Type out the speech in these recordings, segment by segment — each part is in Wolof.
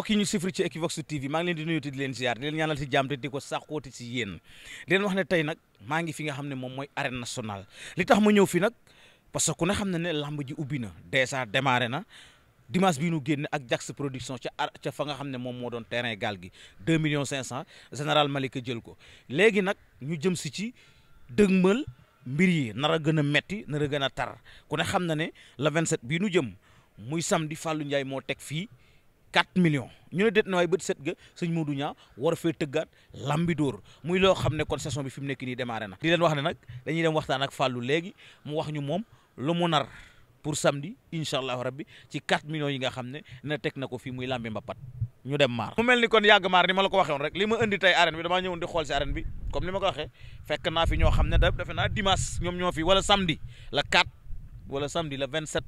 mbokk yi ñu sifri ci Equivox TV maa ngi leen di nuyu te di leen ziar di leen ñaanal ci jàmm di ko saxooti ci yéen leen wax ne tey nag maa ngi fi nga xam ne moom mooy arène nationale li tax ma ñëw fi nag parce que ku ne xam ne ne lamb ji ubbi na dèjà démarré na dimanche bii nu génn ak Jax production ca ca fa nga xam ne moom moo doon terrain gaal gi 2 millions 500 général Malika jël ko léegi nag ñu jëm si ci dëgmal mbir yi nar a gën a metti nar a gën a tar ku ne xam na ne le 27 bii nu jëm muy sam di fàllu Ndiaye moo teg fii. 4 millions ñu ne déet na waay bët set ga sëñ Modou Niang war a fee tëggaat lambi dóor muy loo xam ne kon saison bi fi mu nekk nii démarré na. di leen wax ne nag dañuy dem waxtaan ak Fallou léegi mu wax ñu moom lu mu nar pour samedi incha allahu rabbi ci 4 millions yi nga xam ne na teg na ko fii muy lambi mbapat ñu dem maar. mu mel ni kon yàgg maar ni ma la ko waxee woon rek li ma indi tey arène bi damaa ñëwoon di xool si arène bi comme ni ma ko fi ñoo xam ne da defe naa ñoom ñoo fi wala samedi la 4 wala samedi la 27.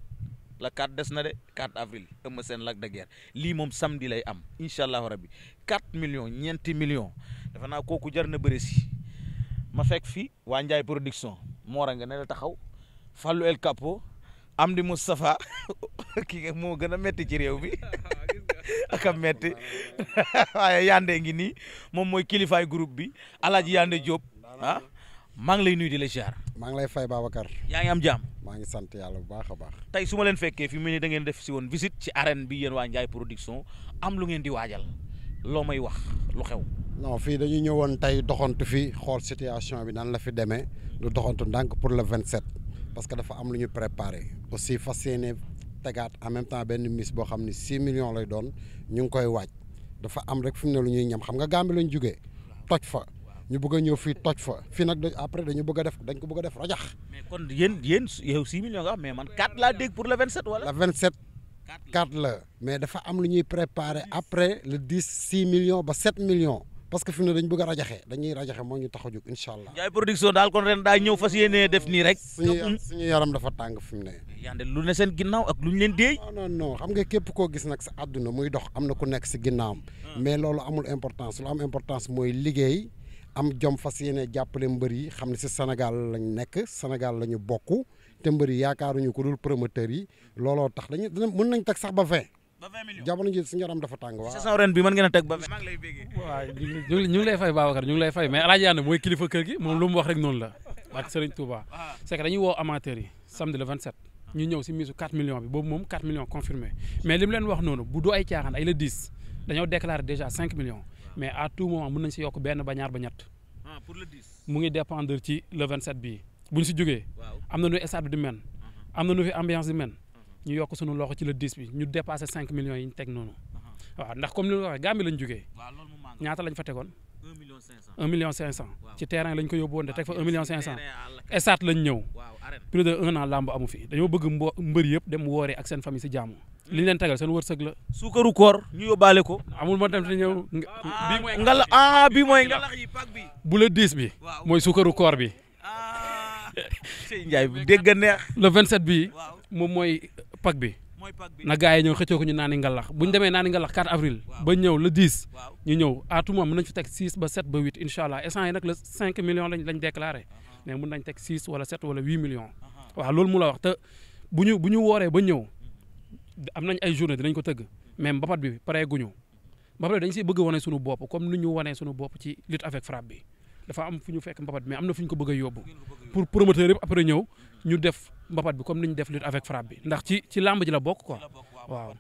la 4 des na de 4 avril Eumeu Sène Lac de lii moom samedi lay am incha allahu rabbi 4 million ñeenti millions dafa naa kooku jar na bëre ma fekk fii waa Ndiaye production moo nga ne la taxaw Fallou El Capo am di Moustapha kii moo gën a metti ci réew mi ak metti waaye yande ngi nii moom mooy kilifaay group bi Alaaji Yande Diop ah. maa lay nuyu di la ziar. maa ngi lay fay Babacar. yaa ngi am jàmm. maa ngi sant yàlla bu baax a baax. tey su ma leen fekkee fi mu ne da def si woon visite ci arène bi yéen waa Ndiaye production am lu ngeen di waajal loo may wax lu xew. non fii dañu ñëwoon tey doxantu fi xool situation bi nan la fi demee lu doxantu ndànk pour le 27 parce que dafa am lu ñu préparé aussi fas yéene tegaat en même temps benn mise boo xam ne 6 millions lay doon ñu koy waaj dafa am rek fi mu ne lu ñuy ñam xam nga Gambie lañ jugee toj fa. ñu bëgg a ñëw fii toj fa fii nag après dañu bëgg def dañ ko bëgg a def rajax. mais kon yéen yéen mais man 4 laa dégg pour le 27 wala. le 27 4 mais dafa am lu ñuy préparer après le 10 6 millions ba 7 millions. parce que fi mu ne dañu bëgg rajaxe dañuy rajaxe moo ñu tax a jóg incha allah. Ndiaye production daal kon ren daa ñëw fas yéenee def nii rek. suñu suñu yaram dafa tàng fi mu ne. yaa lu ne seen ginnaaw ak lu ñu leen déey. non non xam nga képp koo gis nag sa àdduna muy dox am na ku nekk si ginnaawam. Ah. mais loolu amul importance lu am importance mooy liggéey. am jom fas yéene jàppale mbër yi xam ne si Sénégal lañ nekk Sénégal la ñu bokk te mbër yi yaakaaruñu ko dul promoteur yi looloo tax dañu mën nañ teg sax ba vingt. ba vingt millions jamono ji suñu yaram a teg ba vingt. maa ngi lay béggee waaw ñu ngi ñu bi boobu moom 4 millions confirmé mais li mu leen wax noonu bu doo ay caaxaan ay millions mais à tout moment mun nañ si yokk benn ba ñaar ba ñett ah, mu ngi dépendre ci le 27 bii bu ñu si jógee am na nu stade bi di men uh-huh. am na nu fi ambiance di men uh-huh. ñu yokk suñu loxo ci le 10 bi ñu dépassé 5 millions yi ñu teg noonu uh-huh. waaw ndax comme li ma waxee Gambie lañ jógee ñaata lañ fa tegoon 1 million 500 1 million 500 ci terrain lañ ko yóbbu woon de teg fa 1 million 500 esaat lañ ñëw plus de un an làmb amu fi dañoo bëgg mbo mbër yëpp dem wooree ak seen famille si jàmm li ñu leen tegal seen wërsëg la. suukaru koor ñu yóbbaale ko. amul ma dem te ñëw. ngala ah, ah bii mooy ah, ah, ngalax yi pak bu la diis bi mooy suukaru koor bi. Ndiaye dégg neex. le 27 bii moom mooy pak bi. na gars yi ñëw xëccoo ko ñu naani ngalax bu ñu demee naani ngalax 4 avril ba ñëw le 10 ñu ñëw à tout moment nañ fi teg 6 ba 7 ba 8 incha allah essence yi nag le 5 millions lañ lañ déclaré uh-huh. mais mën nañ teg 6 wala 7 wala 8 millions uh-huh. waaw loolu mu la wax te bu ñu bu ñu wooree ba ñëw mm-hmm. am nañ ay journée dinañ ko tëgg mais mbapat bi pareeguñu mbapat bi dañ siy bëgg wane suñu bopp comme ni ñu wanee suñu bopp ci lutte avec frappe bi dafa am fu ñu fekk mbapat mais am na fu ñu ko bëgg a yóbbu pour promoteur yëpp après ñëw ñu def mbapat bi comme ni ñu def lutte avec frappe bi ndax ci ci ji la bokk quoi waaw.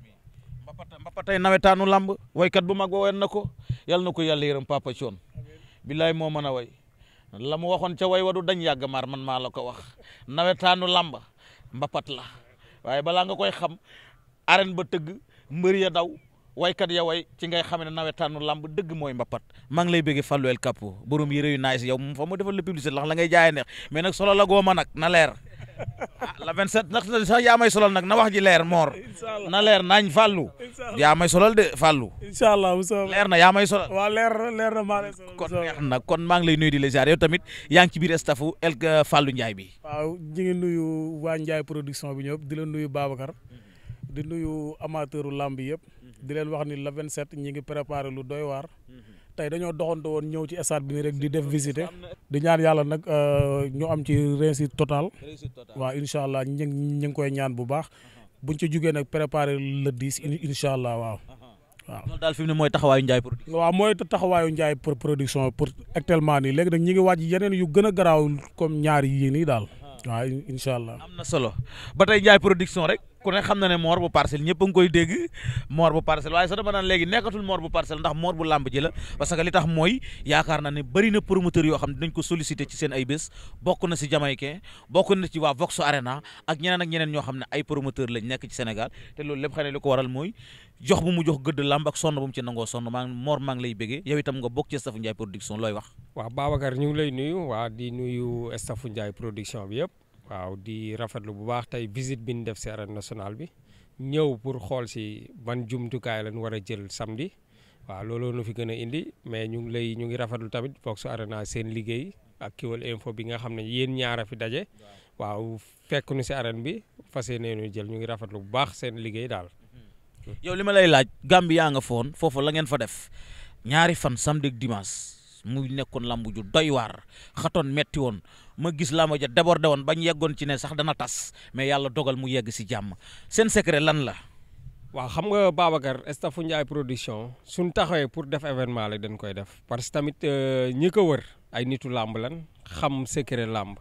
mbapat tey nawetaanu làmb waykat bu mag ba woyoon na na ko yàlla yërëm papa Thion billaay moo mën la mu waxoon ca way wadu dañ yàgg maar man maa la ko wax nawetaanu làmb mbapat la waaye balaa nga koy xam arène ba tëgg mbër ya daw. waykat ya way ci ngay xam ne nawetaanu làmb dëgg mooy mbapat maa lay bëggee Fallou El Capo borom yére yu naay si yow moom fa mu defal la publicité la ngay jaayee neex mais nag solo la gooma na ah, na wax ji leer moor na leer naañ Fallou yaa may solol de Fallou incha allah leer na yaa may solol waaw leer na leer na maa na kon maa ngi lay nuyu di la ziar tamit yaa ngi ci biir staffu El Fallou Ndiaye bi waaw ñu ngi nuyu waa njaay production bi ñëpp di la nuyu Babacar di nuyu amateuru làmb yëpp. Mhm. di leen wax ni la 27 ñi ngi préparé lu doy waar. Mhm. tey dañoo doxantu woon ñëw ci stade bi nii rek di def visiter. di ñaan yàlla nag euh, ñu am ci réussite totale. réussite totale waaw incha allah ñu ngi koy ñaan bu baax. buñ ci jugee nag préparé le 10 incha allah waaw. waaw loolu daal fi mu ne mooy taxawaayu Ndiaye production. waaw mooy taxawaayu Ndiaye production pour actuellement nii léegi nag ñi ngi waaj yeneen yu gën a garaaw comme ñaar yii nii daal. waaw incha allah. am na solo ba tey Ndiaye production rek. ku ne xam na ne moor bu parcelle ñëpp a ngi koy dégg moor bu parcelle waaye sax dama naan léegi nekkatul moor bu parcelle ndax moor bu làmb ji la parce que li tax mooy yaakaar na ne bëri na promoteur yoo xam ne dinañ ko solliciter ci seen ay bés bokk na si Jamaïcain bokk na ci waa Vox Arena ak ñeneen ñeneen ñoo xam ne ay promoteur lañ nekk ci Sénégal te loolu lépp xëy na li ko waral mooy jox bu mu jox gëdd làmb ak sonn bu mu ci nangoo sonn maa moor maa ngi lay béggee yow itam nga bokk ci ñu ngi lay nuyu waa di nuyu Stafou Ndiaye production bi yëpp waaw di lu bu baax tey visite bi ñu def si arène nationale bi ñëw pour xool si ban jumtukaay lañ war a jël samedi waaw looloo nu fi gën a indi mais ñu ngi lay ñu ngi rafetlu tamit Vox Arena seen liggéey ak Kewel Info bi nga xam ne yéen ñaara fi daje. waaw fekk nu si arène bi fas yéeneen jël ñu ngi rafetlu bu baax seen liggéey daal. Mhm. yow li ma lay laaj Gambie yaa nga foon foofu la ngeen fa def ñaari fan samedi ak dimanche mu nekkoon lambu doy waar ma gis laa ma ja débordé woon bañ yeggoon ci ne sax dana tas mais yàlla dogal mu yegg si jàmm seen secret lan la. waaw xam nga Babacar staffu Ndiaye production suñ taxawee pour def événement la dañ koy def parce que tamit euh, ñi ko wër ay nitu làmb lan xam secret làmb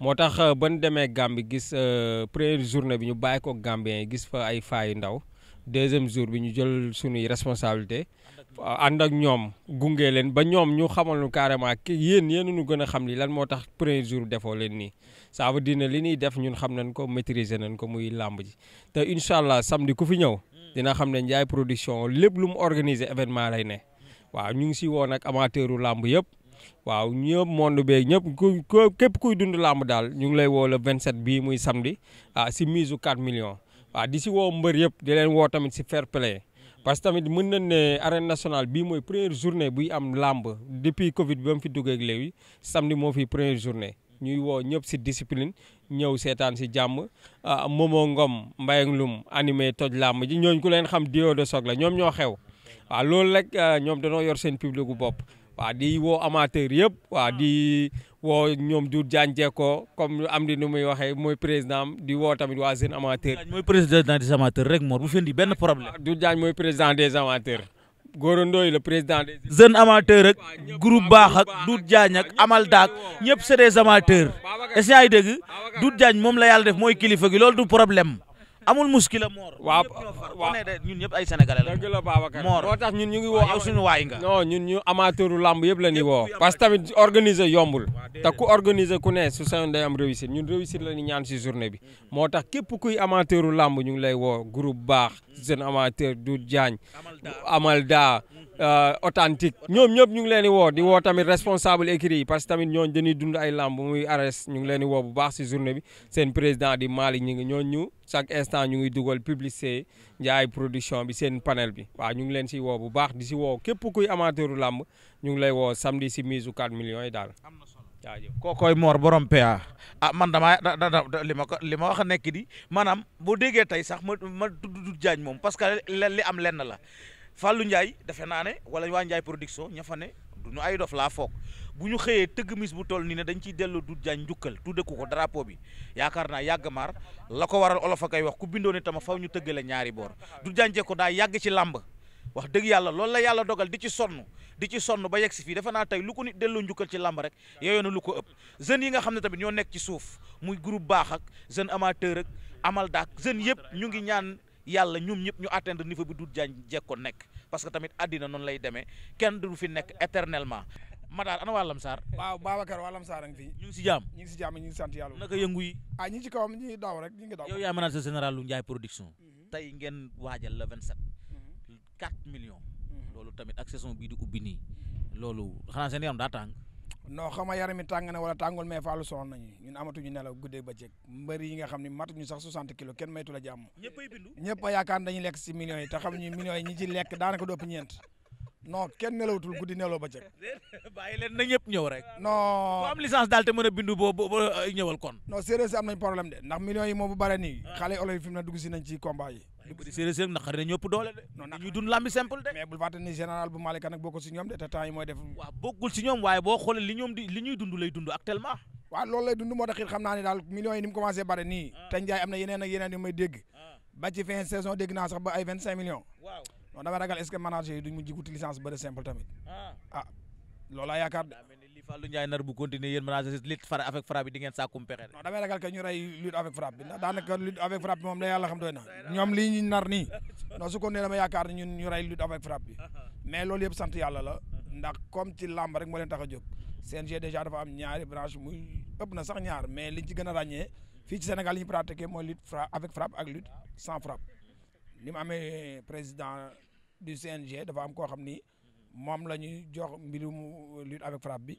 moo tax euh, ba ñu demee Gambie gis euh, première journée bi ñu bàyyi ko Gambien gis fa ay faayu ndaw deuxième jour bi ñu jël suñuy responsabilité ànd ak ñoom gunge leen ba ñoom ñu xamal nu carrément ki yéen yéen ñu gën a xam li lan moo tax premier jour defoo leen nii ça veut dire ne li ñuy def ñun xam nañ ko maîtriser nañ ko muy làmb ji te incha allah samedi ku fi ñëw dina xam ne Ndiaye production lépp lu mu organiser événement lay ne waaw ñu ngi si woon ak amateuru làmb yëpp waaw ñëpp monde beeg ñëpp ku képp kuy dund làmb daal ñu ngi lay woo le 27 bii muy samedi ah, si mise u 4 millions waaw di si woo mbër yëpp di leen woo tamit si fair play parce que tamit mën nañ ne arène nationale bii mooy première journée buy am làmb depuis Covid ba mu fi duggee ak léegi moo fi première journée ñuy woo ñëpp si discipline ñëw seetaan si jàmm ah, Momo Ngom Mbaye ak Loum animé toj làmb ji ñooñ ku leen xam dio de soog la ñoom ñoo xew waaw loolu rek ah, ñoom danoo yor seen public bopp waaw di woo amateur yëpp waaw di. woo ñoom Doudou Diagne Diecko comme am di nu muy waxee mooy président di woo tamit waa Jeunes Amateurs. mooy président des amateur rek Mor bu fi indi benn problème. Doudou Diagne mooy président des amateurs. Gora Ndoye le président des. Jeunes Amateurs ak groupe baax ak Doudou ak Amal Daak ñëpp c'est des amateurs. est-ce que yaa ngi dégg Doudou Diagne moom la yàlla def mooy kilifa gi loolu du problème. amul muskila Mor. waaw waaw ñun yëpp ay sénégalais la. dëgg la Babacar tax ñun ñu ngi woo. yow suñu waay nga. non ñun ñu amateuru yëpp la ñuy woo. parce que tamit organiser yombul. te ku organiser ku ne su sañoon day am réussite ñun réussite la ñu ñaan si journée bi. Mhm. moo tax képp kuy amateuru làmb ñu ngi lay woo groupe baax jeune amateur du amal Amalda. Euh, authentique ñoom ñëpp ñu ngi leen di woo di woo tamit responsable écrit yi parce que tamit ñooñu dañuy dund ay làmb muy ares ñu ngi leen di woo bu baax si journée bi seen président di Malick ñi ngi ñooñu ñu chaque instant ñu ngi dugal publicité njaay production bi seen panel bi waaw ñu ngi leen si woo bu baax di si woo képp kuy amateuru lamb ñu ngi lay woo samedi si mise u 4 millions yi daal. jaajëf kookoy moor borom PA a ah, man dama da da li ma ko li ma wax a nekk di maanaam boo déggee tey sax ma ma du jaañ moom parce que li am lenn la. Fallou Ndiaye defe naa ne wala waa Ndiaye production ña fa ne du ñu ay dof laa foog bu ñu xëyee tëgg mis bu toll nii ne dañ ciy delloo Doudou Diagne njukkal tudde ko ko drapeau bi yaakaar naa yàgg maar la ko waral olof a koy wax ku bindoo ne tama faw ñu tëgg la ñaari boor Doudou Diagne Diecko daa yàgg ci làmb wax dëgg yàlla loolu la yàlla dogal di ci sonn di ci sonn ba yegg si fii defe naa tey lu ko nit delloo njukkal ci làmb rek yooyu lu ko ëpp jeunes yi nga xam ne tamit ñoo nekk ci suuf muy groupe baax ak jeune amateur ak amal daak jeune yàlla ñoom ñëpp ñu atteindre niveau bi Doudou Diagne jekkoon nekk parce que tamit àddina noonu lay demee kenn du fi nekk éternellement Matar ana waa Lamsaar waaw Babacar waa Lamsaar a ngi fi ñu ngi si jàmm ñu ngi si jàmm ñu ngi sant yàlla naka yëngu yi ah ñu ngi ci kawam ñu ngi daw rek ñu ngi daw yow yaa manager général lu Ndiaye production mhm. tey ngeen waajal le 27 4 mhm. millions mhm. loolu tamit ak bii di ubbi nii loolu xanaa seen yaram daa tàng non xama yarami tàng na wala tàngul mais faalu sonn nañu ñun amatuñu nelaw guddee ba bëccëg mbëri yi nga xam ne matuñu sax 60 kilos kenn maytu la jàmm ñëpp a yaakaar dañuy lekk si millions yi te xam ñu millions yi ñi ci lekk daanaka dopp ñeent non kenn nelawatul guddi nelaw ba bëccëg bàyyi leen na ñëpp ñëw rek non ku a bindu boo ñëwal kon non sérieux si am nañ problème de ndax millions yi moom bu bare nii ah. xale olof yi fi mu dugg si na ci combat yi ñu bëri séeréer séeréer naqari doole de. non naqari ñuy dund lambi simple de. mais bul ni général bu Malika nag bokkul de te temps mooy def. waaw bokkul waaye boo xoolee li di li ñuy dund actuellement. waaw loolu lay dund moo tax it xam daal millions yi ni mu commencé bare nii. Ah. te Ndiaye am yeneen ak yeneen yu may dégg. Ah. ba ci saison dégg naa sax ba ay vingt cinq millions. waaw non dama ragal est ce manager yi duñ mujj wuti licence Fallou Ndiaye nar bu continuer yéen mën naa lutte fra avec frappe bi di pexe. non damay ragal que avec frappe moom la yàlla xam doy na ñoom lii nar nii non su ko nee dama yaakaar ne ñu rey lutte avec frappe mais loolu yëpp sant yàlla la ndax comme ci làmb rek moo leen tax a jóg CNG déjà dafa am ñaari branche muy ëpp na sax ñaar mais liñ ci gën a ràññee fii ci Sénégal li ñu pratiqué mooy lutte fra avec frappe ak lutte sans frappe ni mu président du CNG dafa am koo xam ni moom la ñuy jox mbirum lutte avec frappe bi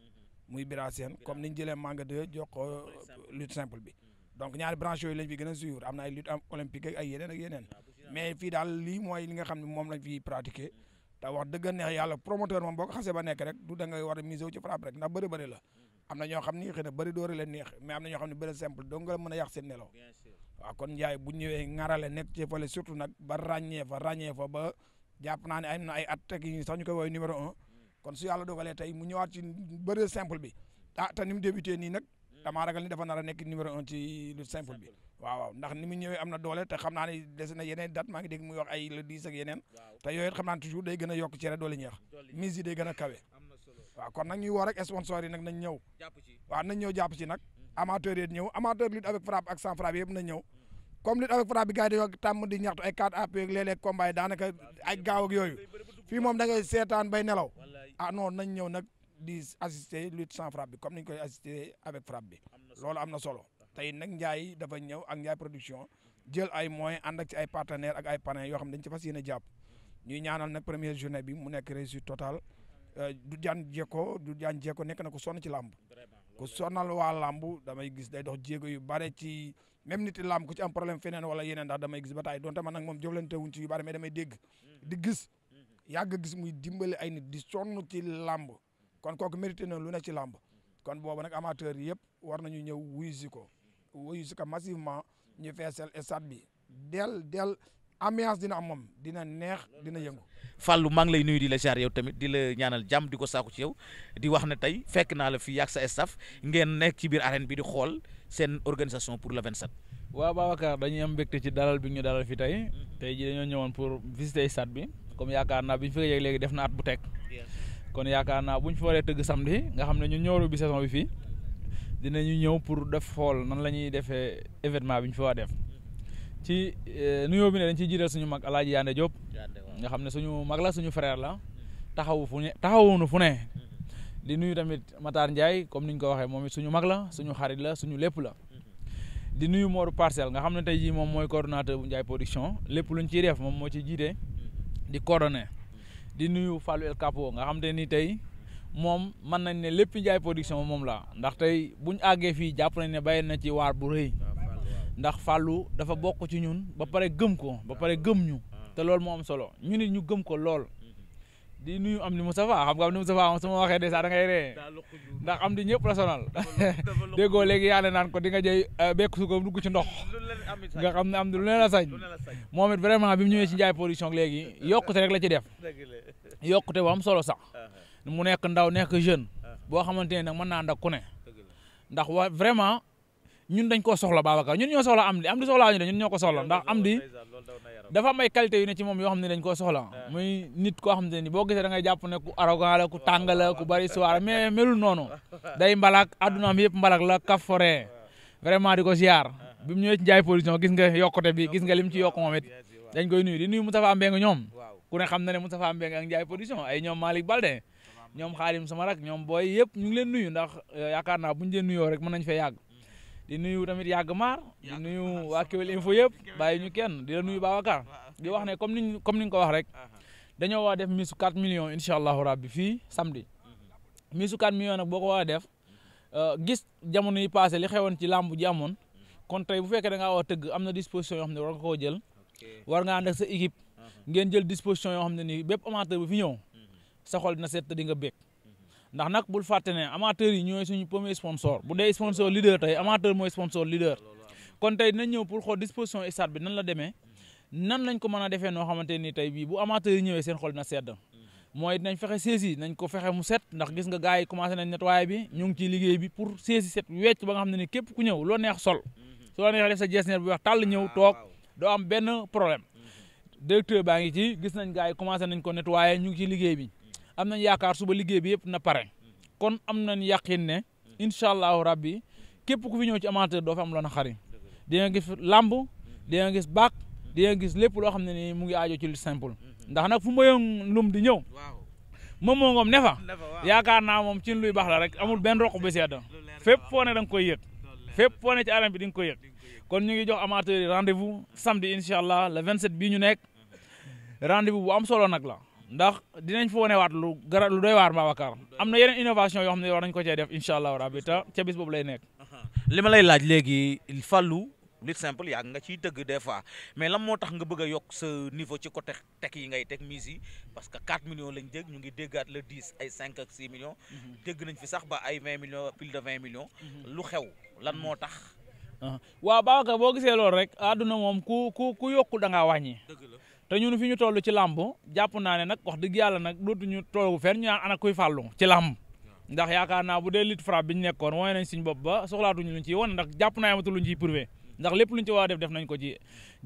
muy Bira Sène comme niñ jëlee Manga 2 jox ko euh, lutte simple bi donc ñaari branche yooyu lañ fi gën a suivre am na ay olympique ay yeneen ak yeneen mais fii daal lii mooy li nga xam ne moom lañ fi pratiquer mm-hmm. te wax dëgg neex yàlla promoteur moom boo ko xasee ba nekk rek du da war a mise ci frappe rek ndax bëri bëri la mm-hmm. am na ñoo xam ni xëy na bëri doore leen neex mais am na ñoo xam ne bëri simple dong nga mën a yàq seen nelaw waaw kon Ndiaye bu ñëwee ŋarale nekk ci fële surtout nag ba ràññee fa ràññee fa ba jàpp naa ne am na ay at teg yi sax ñu koy woowee numéro un kon si yàlla dogalee tey mu ñëwaat ci bëre simple bi ah te ni mu débuté nii nag hmm. damaa ragal ni dafa nar a nekk numéro un ci lu simple bi waaw ndax ni mu ñëwee am na doole te xam naa ne des na yeneen date maa ngi dégg mu wax ay le dix yeneen te yooyu it xam naa ne toujours day gën a yokk cere doole ñeex mise yi day gën a kawe waaw kon nag ñuy woo rek yi nag nañ ñëw waaw nañ ñëw jàpp ci nag hmm. amateur yi ñëw amateur lutte avec frappe ak sans frappe hmm. comme lutte avec frappe bi gars yi dañoo tàmm di ñaxtu ay 4 gaaw ak yooyu fii moom da ngay seetaan bay nelaw ah non nañ ñëw nag di assister lutte sans frappe bi comme ni ñu koy assister avec frappe bi loolu am na solo tey nag Ndiaye dafa ñëw ak Ndiaye production jël ay moyen ànd ak ci ay partenaire ak ay parrains yoo xam ne dañ ci fas yéene jàpp ñuy ñaanal nag première journée bi mu nekk réussite euh, du jaan jekko du jaan jekko nekk na ko sonna ci làmb ku sonal waa làmb damay gis day dox jéego yu bare ci même nit làmb ku ci am problème feneen wala yeneen ndax damay gis ba taay donte man nag moom jëflante wuñ ci yu bare mais damay hmm. di gis yàgg gis muy dimbale ay nit di sonn ci làmb kon kooku mérité na lu ne ci làmb kon boobu nag amateur yëpp war nañu ñëw wuyu si ko wuyu si ko massivement ñu feesal stade bi del del ambiance dina am moom dina neex dina yëngu. Fallou maa ngi lay nuyu di la jaar yow tamit di la ñaanal jàmm di ko saako ci yow di wax na tey fekk naa la fii ak sa staff ngeen nekk ci biir arène bi di xool seen organisation pour le 27. waaw Babacar dañuy am mbégte ci bi ñu dalal fi tey mm-hmm. tey ji dañoo ñëwoon pour visiter bi. comme yaakaar naa biñ ñu fi yéeg def na at bu teg kon yaakaar naa buñ ñu fi waree tëgg samedi nga xam ne ñun ñoo bi saison bi fii ñu ñëw pour def xool nan la ñuy defee événement bi ñu fi war def ci eh, nuyoo bi ne dañ ciy jiital suñu mag Alaaji Yande Diop nga xam ne suñu mag la suñu frère la taxawu fu ne taxawuñu fu ne mm-hmm. di nuyu tamit Matar comme ni ñu ko waxee moom suñu mag la suñu xarit la suñu lépp la mm-hmm. di nuyu Modou Parcelle nga xam ne tey jii moom mooy coordonnateur bu Ndiaye production lépp luñ ciy reef moom moo ci jiite di coordonné di nuyu Fallou El nga xam te ni tey moom mën nañ ne lépp njaay production moom la ndax tey buñ àggee fii jàpp nañ ne bàyyi na ci waar bu rëy ndax fàllu dafa bokk ci ñun ba pare gëm ko ba pare gëm ñu ah. te loolu moo am solo ñu nit ñu gëm ko lool mm-hmm. di nuyu am di Moustapha xam nga am di Moustapha moom su ma waxee dèjà da ngay ree ndax am di ñëpp la sonal déggoo léegi yaa ne naan ko di nga jëy euh, bekk su ko dugg ci ndox nga xam ne am lu ne la sañ moom it vraiment bi mu ñëwee ci Ndiaye production léegi yokkute rek la am solo sax ah, ah. mu nekk ndaw nekk jeune ah, boo xamante ne nag mën naa ànd ak ku ne ndax wa vraiment ñu dañ koo soxla Babacar ñun ñoo soxla am di am di soxlaa ñu de ñun ñoo ko soxla ndax am di dafa am ay qualité yu ne ci moom yoo xam ne dañ koo soxla muy nit koo xam te ni boo gisee da ngay jàpp ne ku arrogant la ku tàng la ku bari histoire mais melul noonu day aduna addunaam yëpp mbalak la kaforee vraiment di ko ziar bi mu ñëwee ci Ndiaye production gis nga yokkute bi gis nuyu di nuyu Moustapha Mbengue ñoom ku ne xam na ne Moustapha Mbengue ak ñoom Malick yëpp ñu ngi leen nuyu ndax euh, yaakaar naa bu ñu leen nuyoo rek mën nuyu tamit yàgg maar di nuyu waa Kewel Info yëpp bàyyi ñu kenn di la nuyu Babacar di wax ne comme niñ comme ni nga ko wax rek dañoo war a def misu 4 millions rabbi fii samedi misu mhm. 4 millions nag boo ko war a def euh, gis jamono yi passé li xewoon ci làmb ji kon tey bu fekkee da a tëgg am na disposition yoo xam ne uh-huh. uh-huh. dina uh-huh. ñëw pour xool disposition stade bi nan la demee nan lañ ko mën a defee noo xamante ni tey bu amateur yi ñëwee seen xol dina sedd mooy dinañ fexe saisi nañ ko fexe mu set ndax gis nga gars yi commencé nañ nettoyé bi ñu ngi liggéey bi pour saisi set wecc ba nga xam ne ni képp ku ñëw loo neex sol su la neexee def sa jeesneer bu weex tàll ñëw ah, toog doo am benn problème mm-hmm. directeur baa ngi ci gis nañ gars yi commencé nañ ko waaye ñu ngi ci liggéey bi am nañ yaakaar suba liggéey bi yëpp na pare mm-hmm. kon am nañ yàqin ne mm-hmm. incha allahu rabbi képp ku fi ñëw ci amateur doo fa am loon a xari di nga gis làmb di nga gis baak di nga gis lépp loo xam ne ni mu ngi aajo ci lu simple ndax nag fu mbayong lum di ñëw moom moo ngoom ne fa naa moom ci luy baax la rek amul ben roq bu sedd fépp foo ne koy yëg fépp foo ne nga koy yëg kon ñu ngi jox amateurs yi rendez-vous samedi incha allah le 27 ñu nekk rendez-vous bu am solo nag la ndax dinañ fa wanewaat lu gara lu doy waar Babacar am na yeneen innovation yoo xam ne war nañ ko cee def incha allah rabbi ta ca bis boobu lay nekk. li ma lay laaj léegi fallu lu simple yàgg nga ciy dëgg des fois mais lan moo tax nga bëgg a yokk sa niveau ci côté teg yi ngay teg mise yi parce que 4 millions lañ dégg ñu ngi déggaat le 10 ay 5 ak 6 millions. Mhm. nañ fi sax ba ay 20 millions plus de mhm. lu xew lan moo tax. Uh-huh. waaw Babacar boo gisee loolu rek àdduna moom ku ku ku yokku da ngaa wàññi te ñun fi ñu toll ci làmb jàpp naa ne nag wax dëgg yàlla nag dootuñu toogu fenn ñu naan ana kuy fàllu ci làmb ndax yaakaar naa bu dee lutte frappe bi ñu nekkoon wane nañ suñ bopp ba soxlaatuñu luñ ci wan ndax jàpp naa amatu luñ ciy prouvé ndax lépp luñ ci war a def def nañ ko ci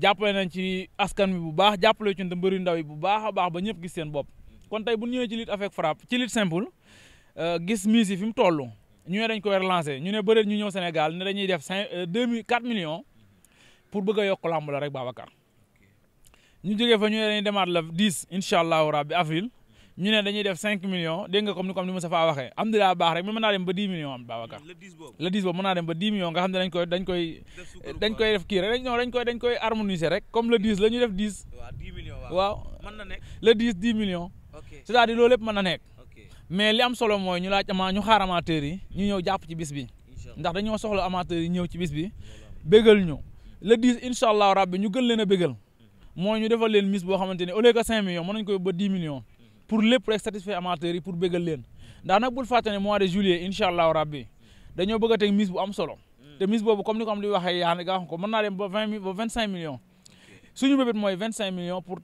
jàppale nañ ci askan bi bu baax jàppale ci mbëri ndaw yi bu baax a baax ba ñëpp gis seen bopp kon tey bu ñëwee ci lutte avec frappe ci lutte simple uh, gis mise yi fi mu toll ñu ne dañ ko weer lancé ñu ne bëreet ñu ñëw Sénégal ne dañuy def cinq euh, deux mille quatre millions pour bëgg yok yokk làmb la rek Babacar ñu jógee fa ñu ne dañuy la dix incha allahu rabbi avril ñu ne def cinq millions dégg nga ni comme ni Moustapha waxee am di daa rek mais mën naa dem ba dix millions am Babacar le dix boobu mën naa dem ba dix millions nga xam dañ koy dañ koy dañ koy kii rek non dañ koy dañ koy harmoniser rek comme le dix la ñu def dix waaw le dix dix millions c'est-à-dire loolu lépp mën na nekk mais li am solo mooy ñu laaj ama ñu xaar amateurs yi ñu ñëw jàpp ci bis bi ndax dañoo soxla amateurs yi ñëw ci bis bi bégal ñu le 10 incha allahu rabbi ñu gën leen a bégal mhm. mooy ñu defal leen mise boo xamante ne au lieu que 5 millions mën nañu ko ba 10 millions mhm. pour lépp rek satisfaire amateurs yi pour bégal leen mhm. ndax nag bul fàtte ne mois de juillet incha allahu rabbi dañoo bëgg a teg mise bu am solo te mise boobu comme ni ko am li waxee yaa ne gaa ko mën naa dem ba 20 ba 25 suñu bébét mooy 25 millions pour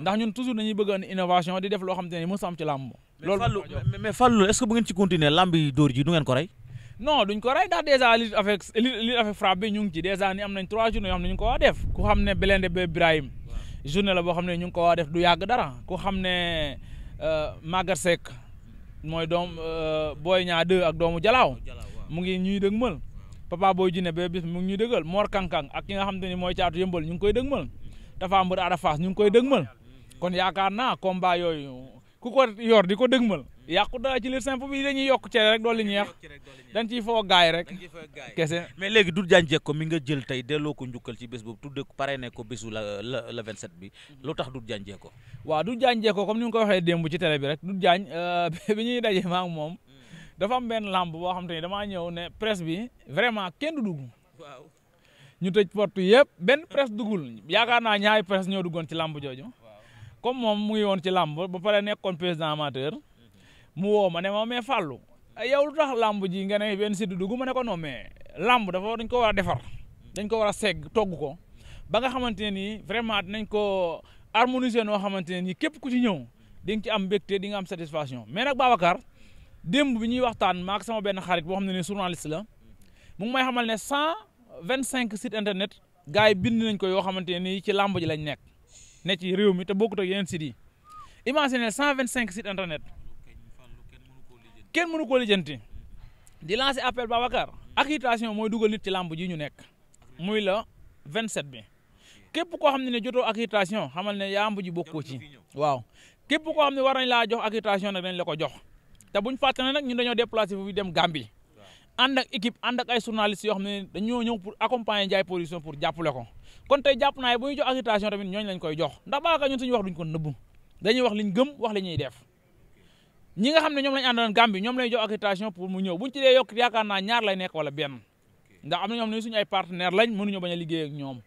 ndax ñun toujours dañuy bëgg an innovation di def loo xam te ne mësul am ci làmb loolu mais Fallou est-ce bu ngeen ci continuer làmb yi ji du ngeen ko rey non duñ ko ndax dèjà avec li bi ñu ngi ci dèjà ni am nañ trois journées yoo xam ne ñu ngi ko waa def ku xam ne Belende ba Ibrahim journée la boo xam ne ñu ngi ko waa def du yàgg dara ku xam ne euh, Magar sek mooy doom euh, booy Niang 2 ak doomu Jalaaw mu ngi ñuy dëgmal Papa Boy Djiné ba bis mu ngi ñuy dëggal Mor Kankang ak ki nga xam te ni mooy caatu yëmbal ñu ngi koy dëgmal mm. Tafa Mbër Ada Fass ñu ngi koy dëgmal kon yaakaar naa combat yooyu ku ko yoor di ko dëgmal yàqu dara ci li simple bi dañuy yokk cere rek doolu ñeex dañ ciy foo gaay rek kese mais léegi du jànjek ko mi nga jël tey delloo ko njukkal ci bés boobu tudde ko pare ne ko bésu la la vingt sept bi lu tax du jànjee ko waaw du jànjee ko comme ni nga ko waxee démb ci télé bi rek du jaañ euh, bi ñuy daje maa moom mm. dafa am benn lamb boo xam te ni damaa ñëw ne presse bi vraiment kenn du dugg waaw ñu tëj porte yëpp benn presse duggul yaakaar naa ñaari presse ñoo duggoon ci lamb jooju comme moom mu ngi woon ci làmb ba pare nekkoon président amateur mu woo ma ne ma mais Fallou yow lu tax làmb ji nga ne benn Siteu dugg ma ne ko non mais làmb dafa dañ ko war a defar dañ ko war a segg togg ko ba nga xamante ne nii vraiment dinañ ko harmoniser noo xamante ne nii képp ku ci ñëw di ci am mbégte di nga am satisfaction mais nag Babacar démb bi ñuy waxtaan maak sama benn xarit boo xam ne nii journaliste la mu ngi may xamal ne cent vingt cinq site internet gars yi bind nañ ko yoo xamante ne nii ci làmb ji lañ nekk. ne ci réew mi te bokkut ak yeneen sites yi imaginez cent vingt cinq sites internet kenn mënu koo lijjanti di lancer appel Babacar accréditation mooy dugal nit ci làmb ji ñu nekk muy la vingt sept bi képp koo xam ne ne jotoo accréditation xamal ne làmb ji bokkoo ci waaw képp koo xam ne war nañ laa jox accréditation nag dañ la ko jox te buñ fàttali nag ñun dañoo déplacé fu dem Gambie ànd ak équipe ànd ak ay journalistes yoo xam ne dañoo ñëw pour accompagner Ndiaye Production pour jàppale ko kon te jàpp naa ne bu ñu jox agitation tamit ñooñu lañ koy jox ndax baaka ñun suñu wax duñ ko nëbbu dañuy wax liñ gëm wax li ñuy def ñi nga xam ne ñoom lañ àndaloon Gambie ñoom lañ jox agitation pour mu ñëw buñ ci yokk yaakaar naa ñaar lay nekk wala benn ndax am na ñoom ne suñu ay partenaire lañ mënuñu bañ a liggéey ak ñoom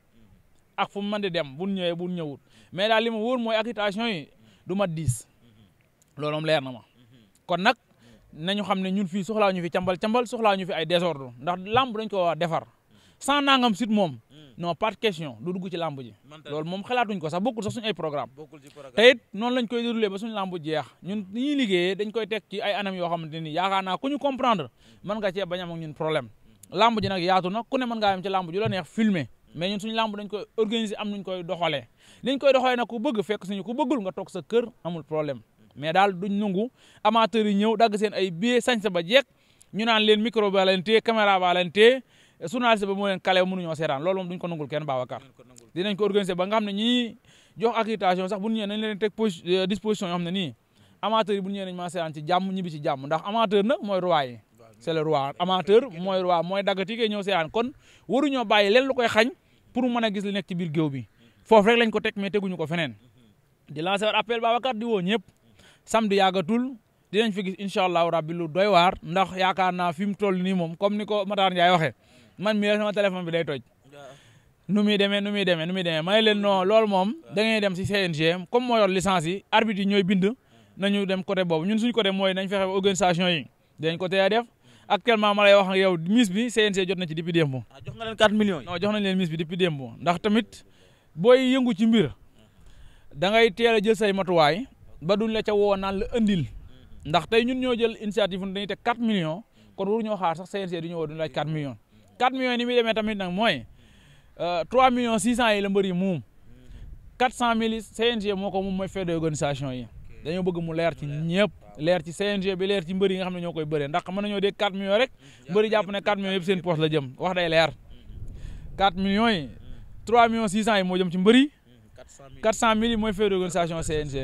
ak fu mu mën di dem buñ ñëwee buñ ñëwut mais daal li ma wóor mooy agitation yi du ma diis loolu moom leer na ma kon nag nañu xam ne ñun fii soxlaa ñu fi cambal cambal soxlaa ñu fi ay désordre ndax lamb dañ ko war defar sans nangam sit moom mm. non pas de question du dugg ci lamb ji loolu moom xalaatuñ ko sa bokkul sax suñu ay programme te it noonu lañ koy déroulé ba suñu lamb jeex ñun ñuy liggéeyee dañ koy teg ay anam yoo xamante ni yaakaar naa ku ñu comprendre mën nga cee bañ am ak ñun problème mm-hmm. lamb ji nag yaatu na ku ne mën ngaa yem ci ji la neex filmer mais ñun suñu lamb dañ koy organiser am nuñ koy doxalee liñ koy doxalee nag ku bëgg fekk sa kër amul mais daal duñ nangu amateur yi ñëw dagg seen ay billets sañse ba jeeg ñu naan leen micro ba leen téye caméra ba leen téye journaliste ba moo leen kale mënuñoo seetaan loolu moom duñ ko nangul kenn Babacar dinañ ko organiser ba nga xam ne ñi jox accréditation sax bu ñu ñëwee nañ leen teg euh, disposition yoo xam ne nii amateur yi bu ñu ñëwee nañ maa seetaan ci si ñibbi ci jàmm ndax amateur na mooy roi yi c'est le amateur mooy roi mooy daggati kay ñëw seetaan kon waruñoo bàyyi leen lu koy xañ pour mën gis li nekk biir géew bi foofu rek lañ ko teg mais teguñu ko feneen di lancer war appel Babacar di woo ñëpp samedi yàggatul dinañ fi gis incha allahu rabbi lu doy waar ndax yaakaar naa fi mu toll nii moom comme ni ko Matar Ndiaye waxee man mii sama téléphone bi day toj. nu muy demee nu muy demee nu muy demee may leen non lool moom da ngay dem si CNG comme moo yor licence yi ñooy bind nañu dem côté boobu ñun suñ côté mooy nañ fexe organisation yi dinañ ko tey a def actuellement ma lay wax ak yow mise bi CNG jot na ci depuis démb. Ah, jox nga leen 4 millions ndax tamit booy yëngu ci mbir da a jël say matuwaay. ba duñ la ca woo naan la andil ndax tey ñun ñoo jël initiative nu dañuy teg 4 millions kon waruñoo xaar sax CNG du ñu woo duñu laaj 4 millions 4 millions yi ni muy demee tamit nag mooy 3 euh, millions 600 yi la mbër yi moom 400 mille CNG moo ko moom mooy frais d'organisation yi dañoo bëgg mu leer ci ñëpp leer ci CNG bi leer ci mbër yi nga xam ne ñoo koy bëree ndax mën nañoo dégg 4 millions rek mbër yi jàpp ne 4 millions yëpp wax day leer 4 millions yi 3 millions 600 yi moo jëm ci mbër yi 400 mille yi mooy frais d'organisation CNG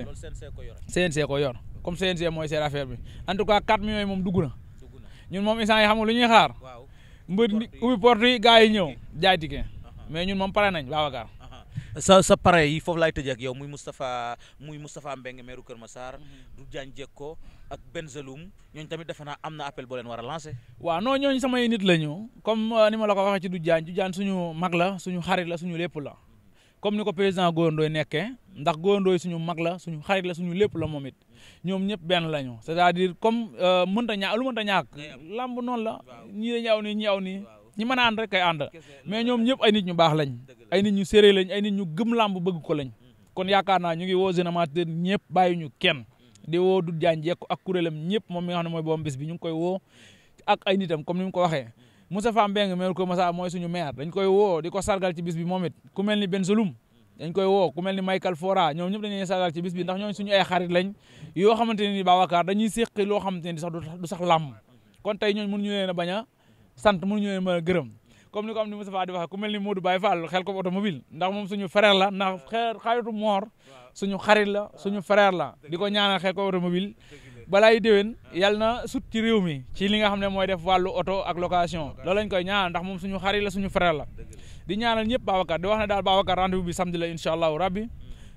CNG ko yor comme CNG mooy seen affaire bi en tout cas 4 millions yi moom dugg na ñun moom instant yi xam nga xaar mbër ubbi porte yi gars yi ñëw jaay ticket mais ñun moom pare nañ Babacar sa sa pare yi foofu laay tëjee ak yow muy Moustapha muy Moustapha Mbengue maire Kër Massar. Mhm. du Diagne Diecko ak Benzeloum ñooñu tamit defe naa am na appel boo leen war a lancé. waaw non ñooñu samay nit la ñu comme euh, ni ma la ko waxee ci du Diagne du Diagne suñu mag la suñu xarit la suñu lépp la comme ni ko président Gora Ndoye nekkee ndax Gora Ndoye suñu mag la suñu xarit la suñu lépp la moom ñoom ñëpp benn lañu c'est-à-dire comme euh, mënta ñaa lu mënta ñàkk làmb noonu la ñii dañuy aw nii ñii aw nii ñi mën a rek ànd mais ñoom ñëpp ay nit ñu baax lañ ay nit ñu séré lañ ay nit ñu gëm làmb bëgg ko lañ kon yaakaar naa ñu ngi woo Jeune Amateur ñëpp bàyyi kenn di woo Doudou Diagne Diécko ak kuréelam ñëpp moom mi mooy boom bis bi ñu ngi koy woo ak ay nitam comme ni mu ko waxee Moustapha Mbengue maire ko Massa mooy suñu maire dañ koy woo di ko sargal ci bis bi moom it ku mel ni Ben Saloum dañ koy woo ku mel ni Michael Fora ñoom ñëpp dañuy sargal ci bis bi ndax ñooñu suñu ay xarit lañ yoo xamante ne ni Babacar dañuy séqi loo xamante ne sax du sax làmm kon tey ñooñu mënuñu leen a bañ a sant mënuñu leen a gërëm comme ni ko am ni Moustapha di waxee ku mel ni Modou Baye Fall xel ko automobile ndax moom suñu frère la ndax xaritu moor suñu xarit la suñu frère la di ko ñaanal xel ko automobile balaay déwén yal na sut ci réew mi ci li nga xam ne mooy def wàllu oto ak location loolu lañ koy ñaanal ndax moom suñu xarit la suñu frère la di ñaanal ñëpp Babacar di wax ne daal Babacar rendez-vous bi samedi la incha allahu rabbi mm.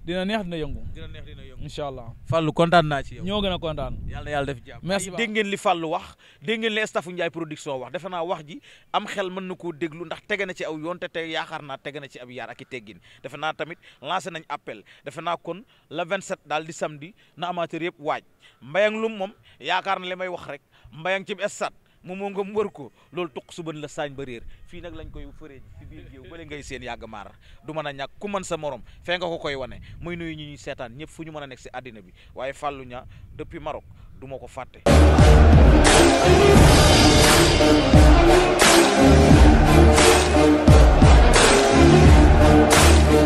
dina neex dina yëngu. dina neex dina yëngu incha allah. Fallou kontaan naa ci yow. ñoo gën a kontaan. yàlla na yàlla def jàmm. merci dégg ngeen li Fallou wax dég ngeen li staffu Ndiaye production wax defe naa wax ji am xel mën na koo déglu ndax tege na ci aw yoon te te yaakaar naa tege na ci ab yaar ak i teggin defe naa tamit lancé nañ appel defe naa kon le 27 daal di samedi na amateur yëpp waaj mbayang lum moom yaakaar na li may wax rek mbayang ci stade moom moo mu wër ko loolu tuq su bën la saañ ba réer fii nag lañ koy fëree ci biir géew bële ngay seen yàgg maar du mën ñàkk ku man sa moroom fee nga ko koy wane muy nuyu ñi ñuy seetaan ñëpp fu ñu mën a nekk si àddina bi waaye fàllu ña depuis Maroc du ma ko fàtte